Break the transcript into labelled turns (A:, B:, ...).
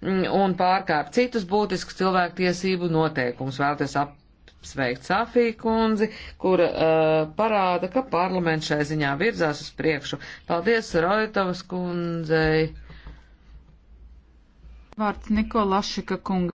A: un pārkāp citus būtiskus cilvēktiesību noteikumus. Vēlties apsveikt Safiju kundzi, kura uh, parāda, ka parlaments šai ziņā virzās uz priekšu. Paldies Roitovas kundzei.
B: Vārds Nikola Šika kunga.